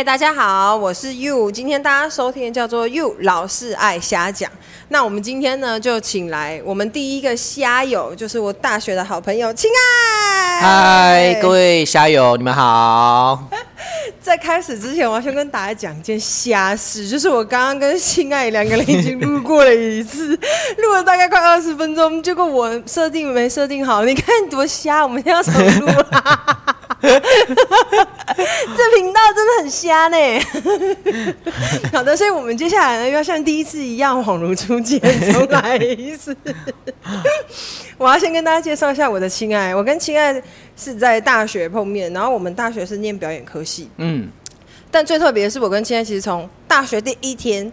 Hey, 大家好，我是 You，今天大家收聽的叫做 You 老是愛瞎講。那我們今天呢，就請來我們第一個蝦友，就是我大學的好朋友親愛。嗨，Hi, Hi. 各位蝦友，你們好。在開始之前，我要先跟大家講件瞎事，就是我剛剛跟親愛兩個人已經錄過了一次，錄 了大概快二十分鐘，結果我設定沒設定好，你看多瞎，我們又要重錄。 這頻道真的很瞎呢。 好的，所以我們接下來呢，要像第一次一樣恍如初見，重來一次。 我要先跟大家介紹一下我的親愛。我跟親愛是在大學碰面，然後我們大學是念表演科系。嗯，但最特別的是，我跟親愛其實從大學第一天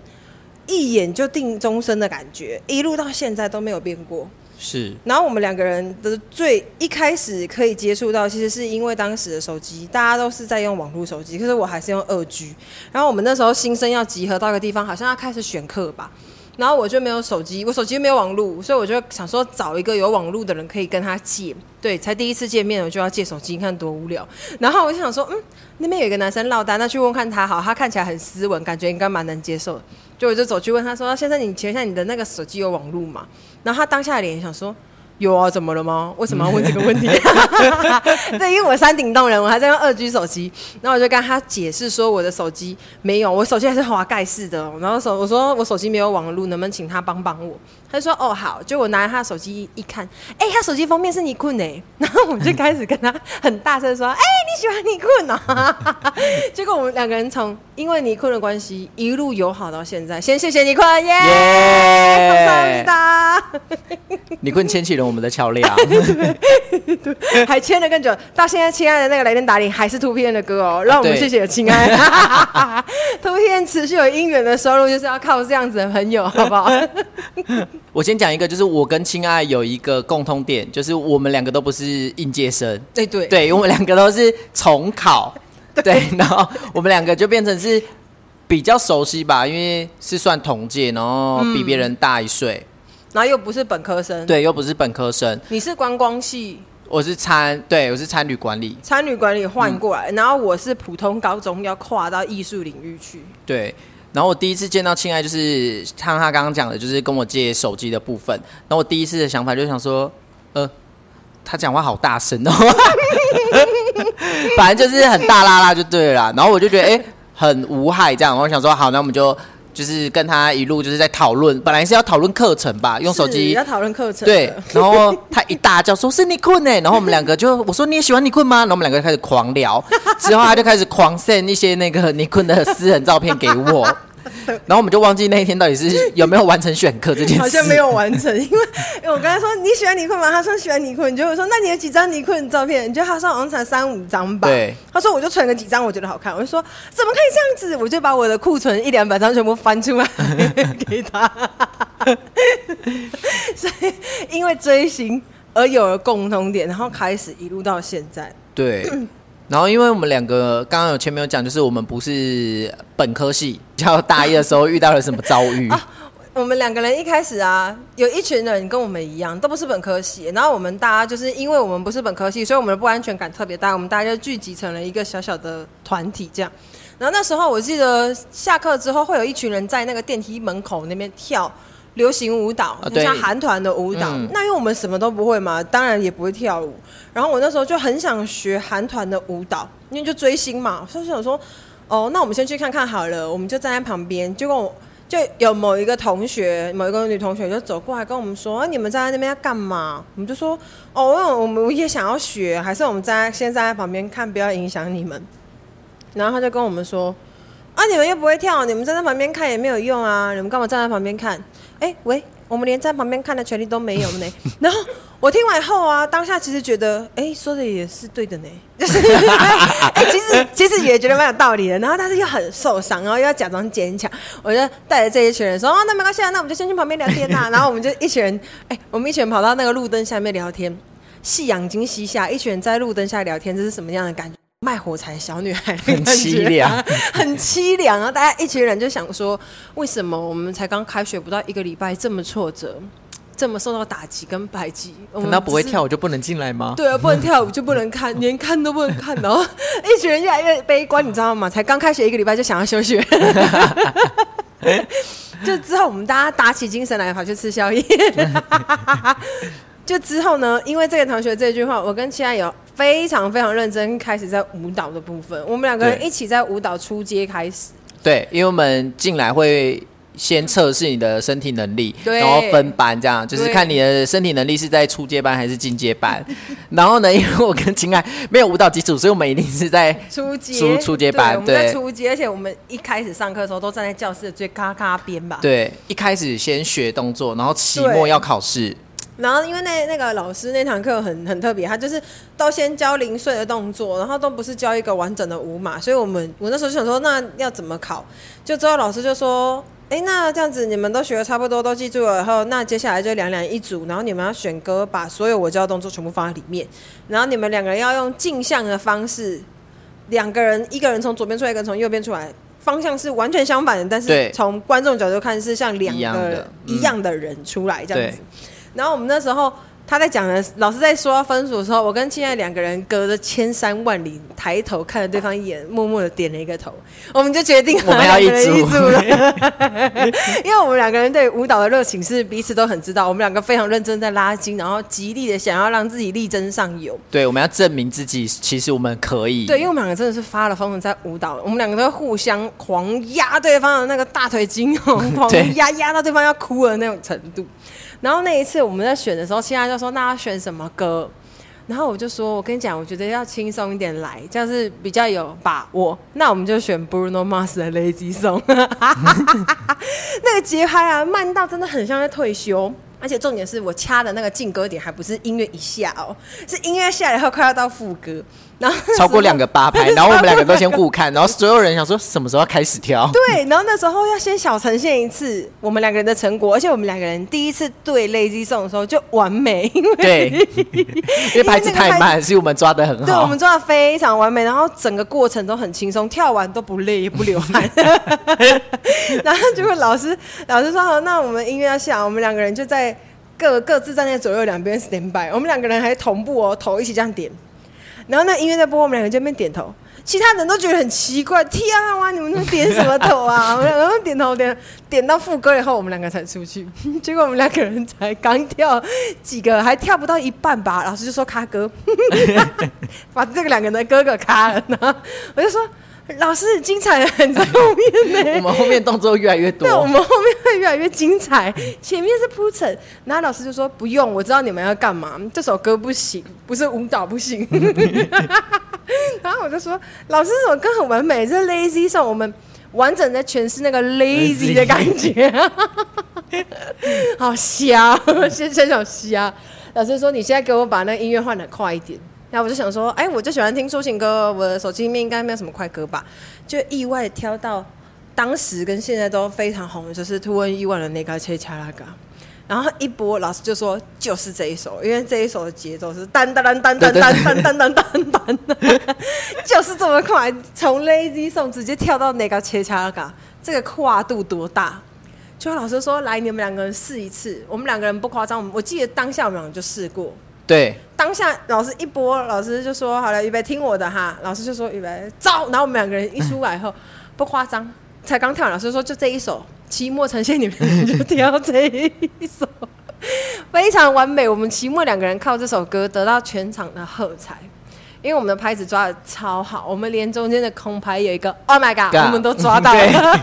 一眼就定終身的感覺，一路到現在都沒有變過。是，然後我們兩個人的最一開始可以接觸到，其實是因為當時的手機，大家都是在用網絡手機，可是我還是用二 G，然後我們那時候新生要集合到一個地方，好像要開始選課吧。然後我就沒有手機，我手機沒有網路，所以我就想說找一個有網路的人可以跟他借，對，才第一次見面我就要借手機，你看多無聊。然後我就想說，嗯，那邊有一個男生落單，那去問看他好，他看起來很斯文，感覺應該蠻能接受，就我就走去問他說，先生，你請問一下你的那個手機有網路嗎？然後他當下的臉想說。有啊，怎麼了嗎？為什麼要問這個問題？ 對，因為我山頂洞人，我還在用二 G 手機。那我就跟他解釋說，我的手機沒有，我手機還是滑蓋式的。然後說，我說我手機沒有網絡，能不能請他幫幫我？他就說：“哦，好。”就我拿他手機一看，哎、欸，他手機封面是尼坤呢。然後我們就開始跟他很大聲說：“哎、 欸，你喜歡尼坤啊！” 結果我們兩個人從因為尼坤的關係一路友好到現在。先謝謝尼坤耶，尼坤他。牽起了我們的橋梁啊， 還牽了更久。到現在，親愛的那個來電打臉還是 2PM 的歌哦、喔，讓我們謝謝親愛的、啊、 2PM，持續有姻緣的收入，就是要靠這樣子的朋友，好不好？ 我先講一個，就是我跟親愛有一個共通點，就是我們兩個都不是應屆生，欸、對對，對我們兩個都是重考，對，然後我們兩個就變成是比較熟悉吧，因為是算同屆，然後比別人大一歲、嗯，然後又不是本科生，對，又不是本科生，你是觀光系，我是餐，對我是餐旅管理，餐旅管理換過來，嗯、然後我是普通高中要跨到藝術領域去，對。然後我第一次見到親愛，就是像他剛剛講的，就是跟我借手機的部分。然後我第一次的想法就想說，呃，他講話好大聲哦，反正 就是很大剌剌就對了。然後我就覺得哎、欸，很無害這樣。然後我想說好，那我們就就是跟他一路就是在討論，本來是要討論課程吧，用手機要討論課程。對。然後他一大叫說：“是尼坤哎！”然後我們兩個就我說：“你也喜歡尼坤嗎？”然後我們兩個就開始狂聊，之後他就開始狂 send 一些那個尼坤的私人照片給我。 然後我們就忘記那一天到底是有沒有完成選課這件事， 好像沒有完成，因為因為我剛才說你喜歡尼坤嘛，他說喜歡尼坤，你就會說那你有幾張尼坤的照片，你覺得他說好像才三五張吧，對，他說我就存了幾張我覺得好看，我就說怎麼可以這樣子，我就把我的庫存一兩百張全部翻出來給他， 所以因為追星而有了共同點，然後開始一路到現在，對。 然後，因為我們兩個剛剛有前面有講，就是我們不是本科系，叫大一的時候遇到了什麼遭遇、？ 啊、我們兩個人一開始啊，有一群人跟我們一樣，都不是本科系，然後我們大家就是因為我們不是本科系，所以我們的不安全感特別大，我們大家就聚集成了一個小小的團體這樣。然後那時候我記得下課之後，會有一群人在那個電梯門口那邊跳。流行舞蹈，像韓團的舞蹈。嗯、那因為我們什麼都不會嘛，當然也不會跳舞。然後我那時候就很想學韓團的舞蹈，因為就追星嘛。所以想說，哦，那我們先去看看好了。我們就站在旁邊，結果就有某一個同學，某一個女同學就走過來跟我們說：“啊，你們站在那邊要幹嘛？”我們就說：“哦，我們我們也想要學，還是我們站在先站在旁邊看，不要影響你們。”然後他就跟我們說：“啊，你們又不會跳，你們站在旁邊看也沒有用啊，你們幹嘛站在旁邊看？”哎、欸，喂，我們連在旁邊看的權利都沒有呢。然後我聽完後啊，當下其實覺得，哎、欸，說的也是對的呢。哎、就是欸，其實其實也覺得蠻有道理的。然後但是又很受傷，然後又要假裝堅強。我就帶着這一群人說，哦，那沒關係啊，那我們就先去旁邊聊天吶、啊。然後我們就一群人，哎、欸，我們一群人跑到那個路燈下面聊天。夕陽金西下，一群人，在路燈下聊天，這是什麼樣的感覺？賣火柴小女孩，很淒涼，很淒涼啊！大家一群人就想說，為什麼我們才剛開學不到一個禮拜，這麼挫折，這麼受到打擊跟排擠？難道不會跳舞，我就不能進來嗎？對啊，不能跳舞就不能看，連看都不能看。然後一群人越來越悲觀，你知道嗎？才剛開學一個禮拜就想要休學， 就之後我們大家打起精神來跑去吃宵夜。 就之後呢，因為這個同學這句話，我跟親愛有。非常非常認真，開始在舞蹈的部分。我們兩個人一起在舞蹈初階開始對。對，因為我們進來會先測試你的身體能力，對然後分班這樣，就是看你的身體能力是在初階班還是進階班。對然後呢，因為我跟秦愛沒有舞蹈基礎，所以我們一定是在初階初階階班。對，初階。對而且我們一開始上課的時候都站在教室的最咔咔邊吧。對，一開始先學動作，然後期末要考試。然後因為那那個老師那堂課很很特別，他就是都先教零碎的動作，然後都不是教一個完整的舞碼，所以我們我那時候就想說，那要怎麼考？就之後老師就說，哎，那這樣子你們都學得差不多，都記住了，然後那接下來就兩兩一組，然後你們要選歌，把所有我教的動作全部放在裡面，然後你們兩個人要用鏡像的方式，兩個人一個人從左邊出來，一個人從右邊出來，方向是完全相反的，但是從觀眾角度看是像兩個一樣的、嗯、一樣的人出來這樣子。然後我們那時候他在講的老師在說分組的時候，我跟親愛兩個人隔着千山萬里，抬頭看着對方一眼，默默的點了一個頭。我們就決定我們要一組了， 因為我們兩個人對舞蹈的熱情是彼此都很知道。我們兩個非常認真在拉筋，然後極力的想要讓自己力爭上游。對，我們要證明自己，其實我們可以。對，因為我們兩個真的是發了瘋在舞蹈，我們兩個都互相狂壓對方的那個大腿筋，狂壓壓到對方要哭的那種程度。然後那一次我們在選的時候，其他就說那要選什麼歌？然後我就說，我跟你講，我覺得要輕鬆一點來，這樣是比較有把握。那我們就選 Bruno Mars 的《Lazy Song》 那個節拍啊，慢到真的很像在退休。而且重點是我掐的那個進歌點，還不是音樂一下哦，是音樂下來後快要到副歌。然後那超過兩個八拍，然後我們兩個都先互看，對然後所有人想說什麼時候要開始跳？對，然後那時候要先小呈現一次我們兩個人的成果， 而且我們兩個人第一次對 Lazy Song 的時候就完美，對因為 因為拍子太慢，所以我們抓的很好，對，我們抓的非常完美，然後整個過程都很輕鬆，跳完都不累也不流汗， 然後就問老師老師說好，那我們音樂要下，我們兩個人就在各各自站在左右兩邊 stand by，我們兩個人還同步哦，頭一起這樣點。然後那音樂在播，我們兩個人在那邊點頭，其他人都覺得很奇怪，天啊，你們能點什麼頭啊？ 我們兩個點頭點點到副歌以後，我們兩個人才出去。結果我們兩個人才剛跳幾個，還跳不到一半吧，老師就說卡歌，把這個兩個人的歌歌卡了。 然後我就說。老師，精彩的很，後面呢、欸？我們後面動作越來越多。對，我們後面會越來越精彩。前面是鋪陳，然後老師就說：“不用，我知道你們要幹嘛。這首歌不行，不是舞蹈不行。”然後我就說：“老師，這首歌很完美，這 lazy song，我們完整的詮釋那個 lazy 的感覺。Lazy ” 好瞎，先生想瞎。老師說：“你現在給我把那音樂換的快一點。”然後我就想說，哎，我就喜歡聽抒情歌，我的手機裡面應該沒有什麼快歌吧？就意外挑到當時跟現在都非常紅，就是 Two and One 的那個切恰拉嘎。然後一播老師就說，就是這一首，因為這一首的節奏是噔噔噔噔噔噔噔噔噔，就是這麼快，從 Lazy Song 直接跳到那個切恰拉嘎，這個跨度多大？就老師說，來，你們兩個人試一次，我們兩個人不誇張，我們，我記得當下我們兩個就試過。對，當下老師一播，老師就說：“好了，預備，聽我的哈。”老師就說：“預備，走！”然後我們兩個人一出來後，不誇張，才剛跳老師就說：“就這一首，期末呈現你們就跳這一首，非常完美。”我們期末兩個人靠這首歌得到全場的喝彩，因為我們的拍子抓得超好，我們連中間的空拍有一個，Oh my god，, god 我們都抓到了。okay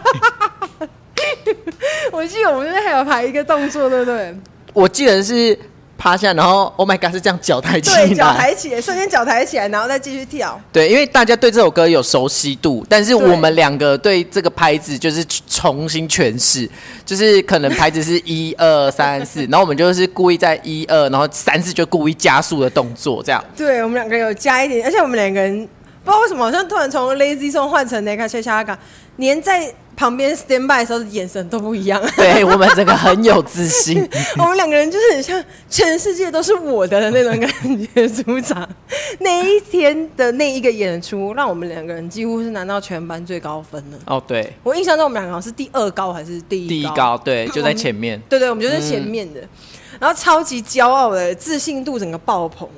我記得我們還有排一個動作，對不對？我記得是。趴下，然後 Oh my God 是這樣腳抬起來，對，腳抬起來，瞬間腳抬起來，然後再繼續跳。對，因為大家對這首歌有熟悉度，但是我們兩個對這個拍子就是重新詮釋，就是可能拍子是一二三四，然後我們就是故意在一二，然後三四就故意加速的動作，這樣。對，我們兩個有加一點，而且我們兩個人。不知道為什麼，好像突然從 Lazy Song 換成那個 Chacha 連在旁邊 standby 的時候的眼神都不一樣。對 我們整個很有自信， 我們兩個人就是很像全世界都是我的,的那種感覺。 組長那一天的那一個演出，讓我們兩個人幾乎是拿到全班最高分了。哦，對，我印象中我們兩個好像是第二高還是第一高？第一高，對，就在前面。對對，我們就是前面的，嗯、然後超級驕傲的自信度整個爆棚。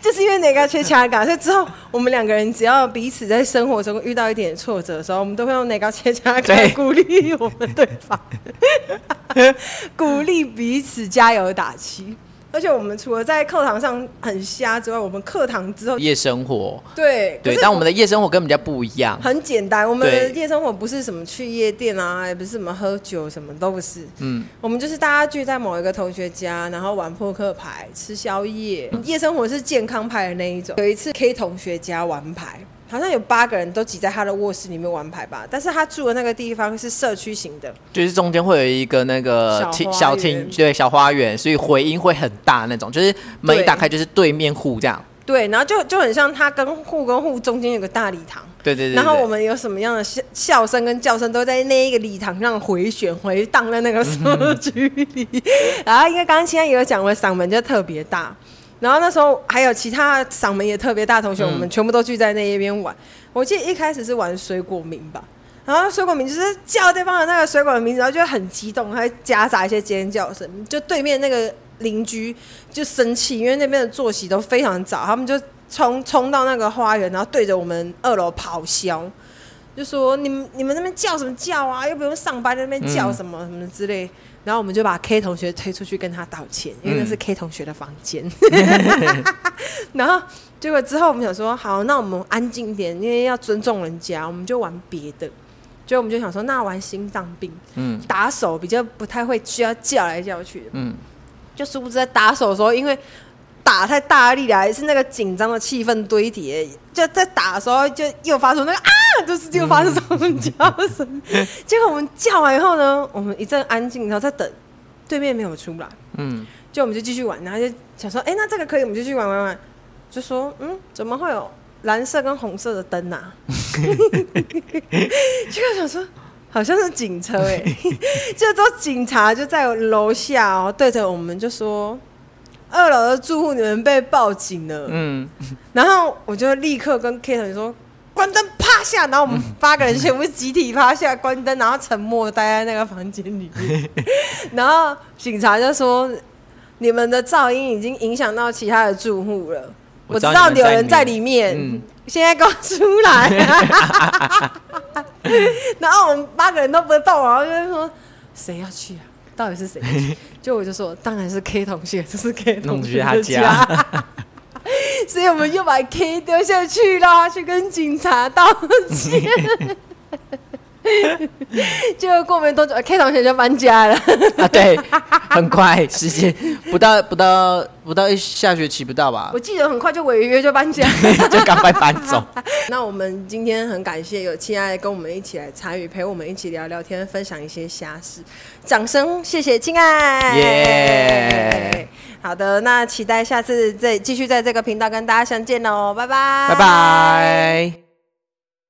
就是因為哪個缺卡卡， 所以之後我們兩個人只要彼此在生活中遇到一點挫折的時候，我們都會用哪個缺卡卡鼓勵我們對方 鼓勵彼此加油打氣。而且我們除了在課堂上很瞎之外，我們課堂之後夜生活，對對，是但我們的夜生活跟人家不一樣。對很簡單，我們的夜生活不是什麼去夜店啊，對也不是什麼喝酒，什麼都不是。嗯，我們就是大家聚在某一個同學家，然後玩撲克牌、吃宵夜。嗯、夜生活是健康派的那一種。有一次 K 同學家玩牌。好像有八個人都擠在他的臥室裡面玩牌吧，但是他住的那個地方是社區型的，就是中間會有一個那個小廳，對，小花園，所以回音會很大那種，就是門一打開就是對面戶這樣對。對，然後就就很像他跟戶跟戶中間有個大禮堂，對對，對對對，然後我們有什麼樣的笑笑聲跟叫聲都在那一個禮堂上回旋回盪在那個社區裡， 然後因為剛剛現在也有講了，嗓門就特別大。然後那時候還有其他嗓門也特別大同學，我們全部都聚在那一邊玩。嗯、我記得一開始是玩水果名吧，然後水果名就是叫對方的那個水果的名字，然後就很激動，還夾雜一些尖叫聲。就對面那個鄰居就生氣，因為那邊的作息都非常早，他們就冲衝到那個花園，然後對着我們二樓咆哮，就說你：“你們你們那邊叫什麼叫啊？又不用上班，在那邊叫什麼什麼之類。嗯”然後我們就把 K 同學推出去跟他道歉，因為那是 K 同學的房間。嗯、 然後結果之後我們想說，好，那我們安靜一點，因為要尊重人家，我們就玩別的。就我們就想說，那玩心臟病，嗯，打手比較不太會需要叫來叫去，嗯，就殊不知在打手的時候，因為。打太大力了，是那個緊張的氣氛堆疊，就在打的時候就又發出那個啊，就是又發出什麼叫聲。嗯、結果我們叫完以後呢，我們一陣安靜，然後再等，對面沒有出來，嗯，就我們就繼續玩，然後就想說，哎、欸，那這個可以，我們就去玩玩玩，就說，嗯，怎麼會有藍色跟紅色的燈吶、啊？ 就想說，好像是警車哎、欸，就之後警察就在樓下哦、喔，對着我們就說。二樓的住戶，你們被報警了，嗯，然後我就立刻跟 Kate 說，關燈趴下，然後我們八個人全部集體趴下關燈，嗯、然後沉默待在那個房間裡面。 然後警察就說，你們的噪音已經影響到其他的住戶了，我知，我知道有人在裡面，嗯、現在給我出來。 然後我們八個人都不動，然後就說，誰要去啊？到底是誰？ 就我就說，當然是 K 同學，這是 K 同學的家，家 所以我們又把 K 丟下去啦，去跟警察道歉。 就過沒多久，K 同學就搬家了。啊，對，很快，時間不，不到，不到，不到一下學期不到吧？我記得很快就違約，就搬家， 就趕快搬走。 那我們今天很感謝有親愛跟我們一起來參與，陪我們一起聊聊天，分享一些蝦事。掌聲，謝謝親愛 Yeah。好的，那期待下次再繼續在這個頻道跟大家相見哦。拜拜，拜拜。